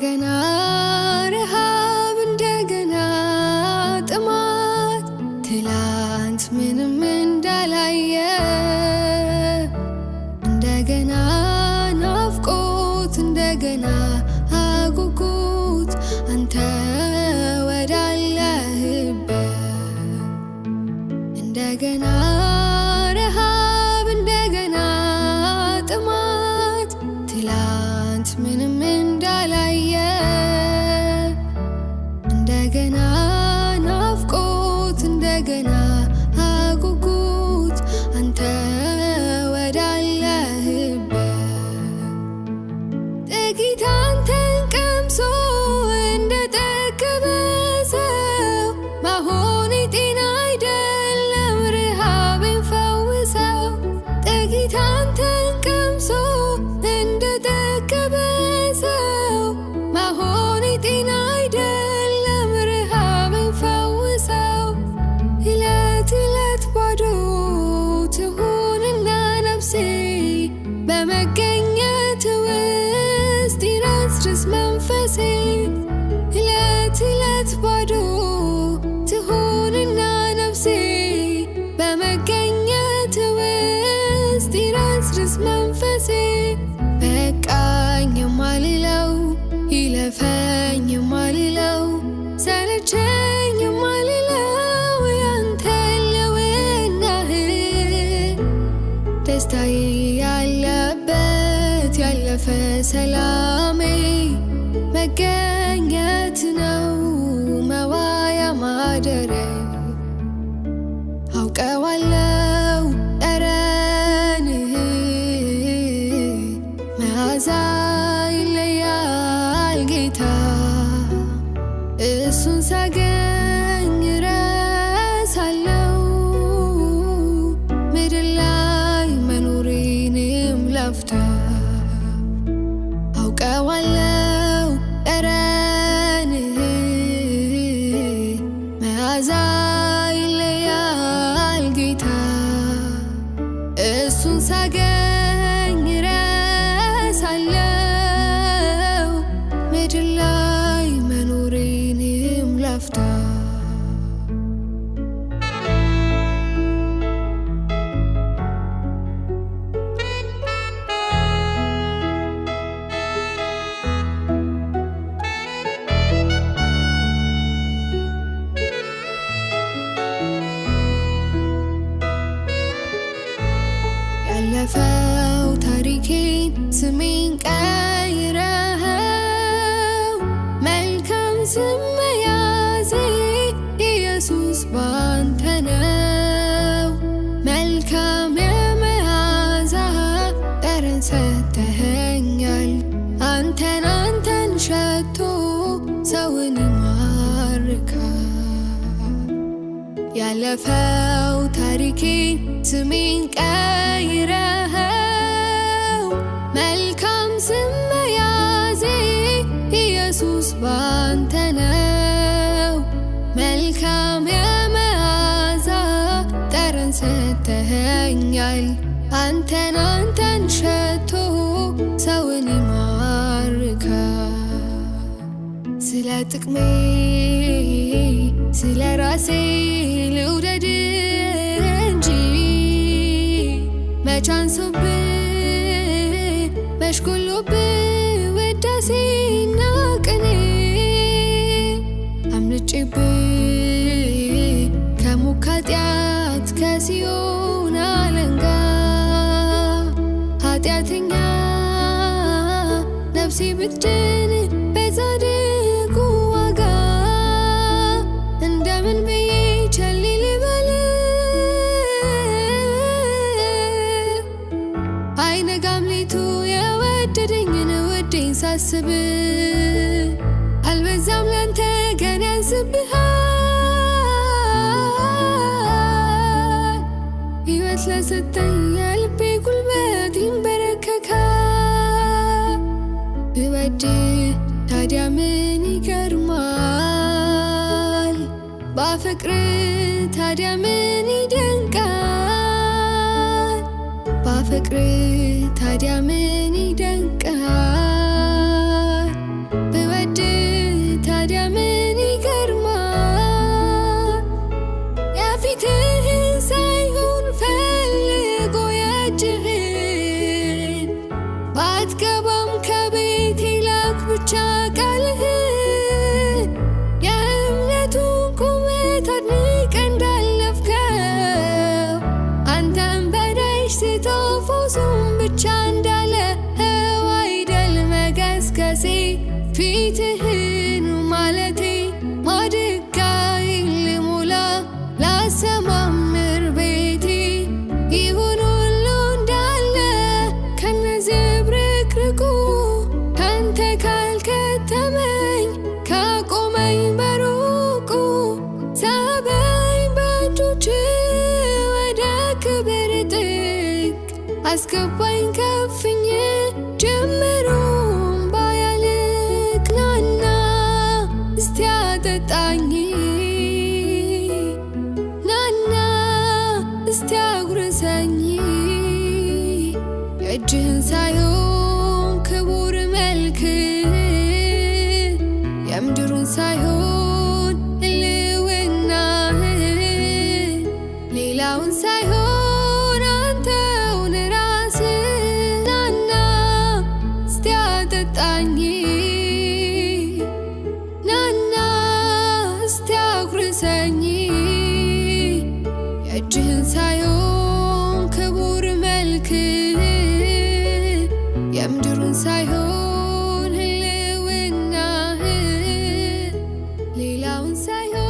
እንደገና ረሃብ እንደገና ጥማት ትላንት ምንም እንዳላየ እንደገና ናፍቆት እንደገና አጉጉት አንተ ወዳለህበት እንደገና ረሃብ እንደገና ጥማት ትላንት ምንም ያላየ እንደገና ናፍቆት እንደገና አጉጉት አንተ ወዳለህበት ጥቂታ መንፈሴ በቃኝ የማልለው ይለፈኝ የማልለው ሰለቸኝ ያለበት ያለፈ ሰላሜ መገ ቀይረኸው መልካም ስም መያዜ ኢየሱስ ባንተ ነው። መልካም የመዓዛ ጠረን ሰጥተኸኛል። አንተን አንተን ሸቶ ሰውን ይማርካል። ያለፈው ታሪኬ ስሜን ቀይረ ባንተ ነው መልካም የመዓዛ ጠረን ሰጥተኸኛል። አንተን አንተን ሸቶ ሰውን ይማርካል። ስለ ጥቅሜ ስለ ራሴ ልውደድ እንጂ መቻንሱብ ከሲዮን አለንጋ ኃጢአተኛ ነፍሴ ብትድን በጻድቁ ዋጋ እንደምን ብዬ ቸል ልበል? አይነጋም ሌቱ የወደደኝን ውዴን ሳስብ ፍቅር ታዲያ ምን ይደንቃል? በፍቅር ታዲያ ምን አስገባኝ ከፍኝ ጀምሮ ባያልቅናና እስቲያጠጣኝ ናና እስቲያጉርሰኝ የእጅህን ሳይሆን ክቡር መልክ የምድሩን ሳይሆን ልውና ሌላውን Say you.